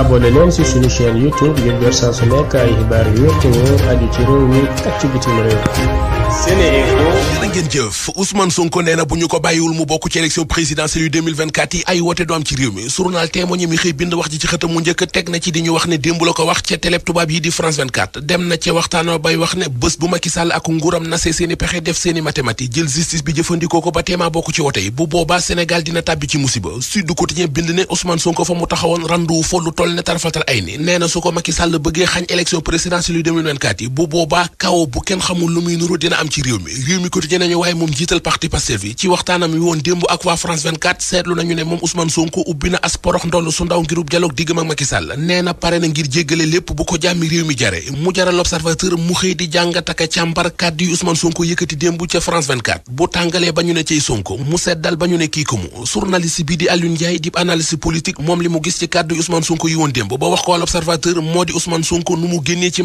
abonné leen ci suñu YouTube ngir su nekk ay xibaar yu wér te ci réew mi ak ci jërë ngeen jëf Ousmane Sonko nee na bu ñu ko bàyyiwul mu bokk ci élection présidentielle yu 2024 yi ay wote du am ci réew mi journal témoigné mi xëy bind wax ji ci xëtam mu njëkk teg na ci di ñu wax ne démb ko wax ca télé tubaab yi di France 24 dem na ca waxtaanoo bay wax ne bés bu Macky Sall ak nguuram nasee seeni pexe def seeni mathématique jël justice bi jëfandikoo ko ba teemaa bokk ci wote yi bu boobaa Sénégal dina a am ci réew mi réew mi quotidien nañu waaye moom jiital parti Pastef bi ci waxtaanam wi woon démb ak waa France 24 seetlu nañu ne moom Ousmane Sonko ubbi na as porox ndoll su ndaw ngirub dialogue diggam ak Macky nee na pare na ngir jéggale lépp bu ko jàmmi réew mi jare mu jaral l'observateur mu xëy di jàngat ak càmbar kàddu yi Ousmane Sonko yëkkati démb ca France 24 bu tàngalee ba ñu ne ciy Sonko mu seddal ba ñu ne kii ko mu journaliste bi di Alioune Ndiaye moom li mu gis ci kàddu yi Ousmane yi woon démb ba wax ko l'observateur moo di Ousmane Sonko nu mu génnee ci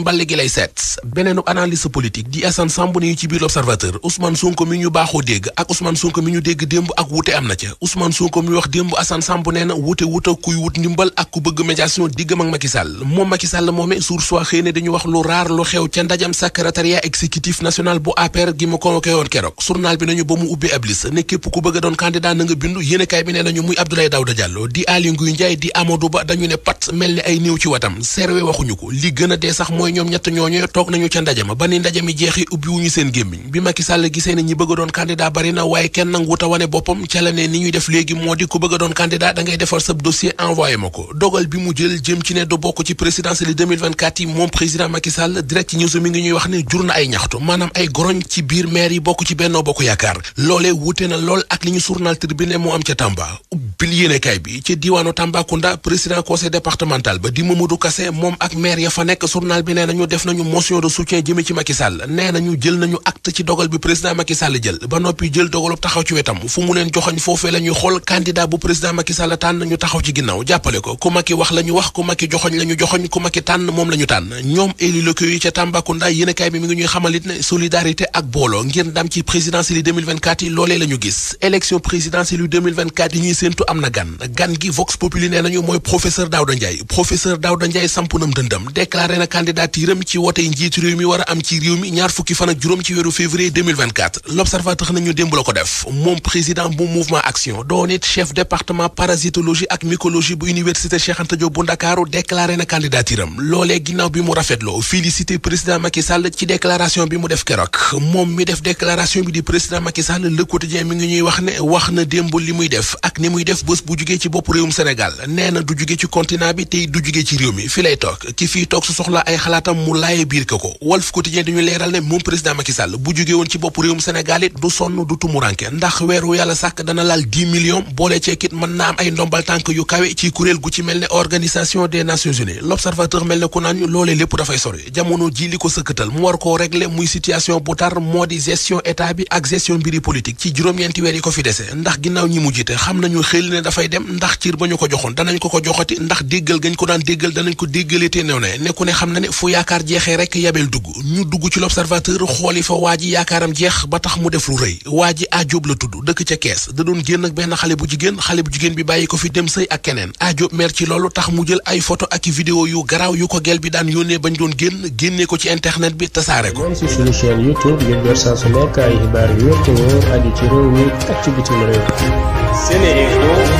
ci biir l'observateur Ousmane Sonko mi ñu baaxoo bu APR gi ma convoqué woon keroog bi nañu ba mu ubbi ab ne képp ku bëgg a doon candidat na bindu yéenekaay bi nee nañu muy Abdoulaye Daouda Diallo di Aly Ngouille Ndiaye di Amadou Ba dañu ne pat mel ni ay néew ci watam serwe waxuñu ko li gën a dee sax mooy ñoom ñett ñooñu toog nañu ca ndajama ba ni ndaje mi jeexi ubbi wuñu seen gémmiñ bi Macky Sall gisee ne ñi bëgg doon candidat bari waaye kenn nanguwut a boppam ca ni ñuy def léegi moo di ku bëgg doon candidat da ngay defar sab dossier envoyé ma ko dogal bi mu jël jëm ci ne du bokk ci présidentielle 2024 yi moom président Macky Sall ci news mi ngi ñuy wax ne jur na ay ñaxtu maanaam ay groñ ci biir maire yi bokk ci Benno Bokk Yaakaar loolee wuute na lool ak li ñu journal Tribune moo am ca Tamba bil yéene acte ci dogal bi président Macky Sall jël ba noppi jël dogalub taxaw ci wetam fu mu leen joxoñ foofee la ñuy xool candidat bu président Macky Sall tànn ñu taxaw ci ginnaaw jàppale ko ku Macky wax la ñu wax ku Macky joxoñ la ñu joxoñ ku Macky tànn moom la ñu tànn ñoom élus locaux yi ca Tambacounda yéenekaay bi mi ngi ñuy xamalit ne solidarité ak booloo ngir ndam ci présidentielle yi 2024 yi loolee la ñu gis élection présidentielle yu 2024 yi ñuy séentu am na gan gan gi Vox Populi nee na candidature am ci wote njiitu réew mi war am ci mi ñaar fukki fan ak juróom ci weeru février 2024 l'observateur nañu démb la ko def moom président bu mouvement action doon it chef département parasitologie ak mycologie bu université Cheikh Anta Diop bu Ndakaaru déclaré na candidature am loolee ginnaaw bi mu rafetloo félicité président Macky Sall ci déclaration bi mu def keroog moom mi def déclaration bi di président Macky Sall le mi ngi ñuy wax ne wax na démb li muy def ak ni muy def bés bu jugee ci bopp réewum Sénégal nee na du jugee ci continent bi tey du ci réew mi fi lay ki fiy toog su ay xalaatam mu laaye biir ko ko Walf Sall bu jugee woon ci bopp réewum Sénégal it du sonn du tumuranke ndax weeru yàlla sàkk dana laal dix millions boole ceekit mën na am ay ndombal tànk yu kawe ci kuréel gu ci mel ne organisation des nations unies l'observateur mel ne ku naan ñu lépp dafay sori jamono ji li ko sëkkatal mu war muy situation bu tar moo di gestion état bi ak gestion mbiri politique ci juróom-ñeenti weer yi ko fi dese ndax ginnaaw ñi mu jiite xam nañu xel ne dafay dem ndax ciir ba ñu ko joxoon danañ ko ko joxati ndax déggal gañ ko daan déggal danañ ko déggalee te new ne ne ku xam na ne fu yaakaar jeexee rek yabel dugg ñu dugg ci l'observateur xooli fa waa ji yaakaaram jeex ba tax mu def lu rëy waa ji ajoob la tudd dëkk ca kees da doon génn ak benn xale bu jigéen xale bu jigéen bi bàyyi ko fi dem sëy ak keneen ajoob mer ci loolu tax mu jël ay photo ak vidéo yu garaaw yu ko gel bi daan yónnee bañ doon génn génne ko ci internet bi tasaare ko. même si suñu chaîne YouTube ngir jot saa su nekk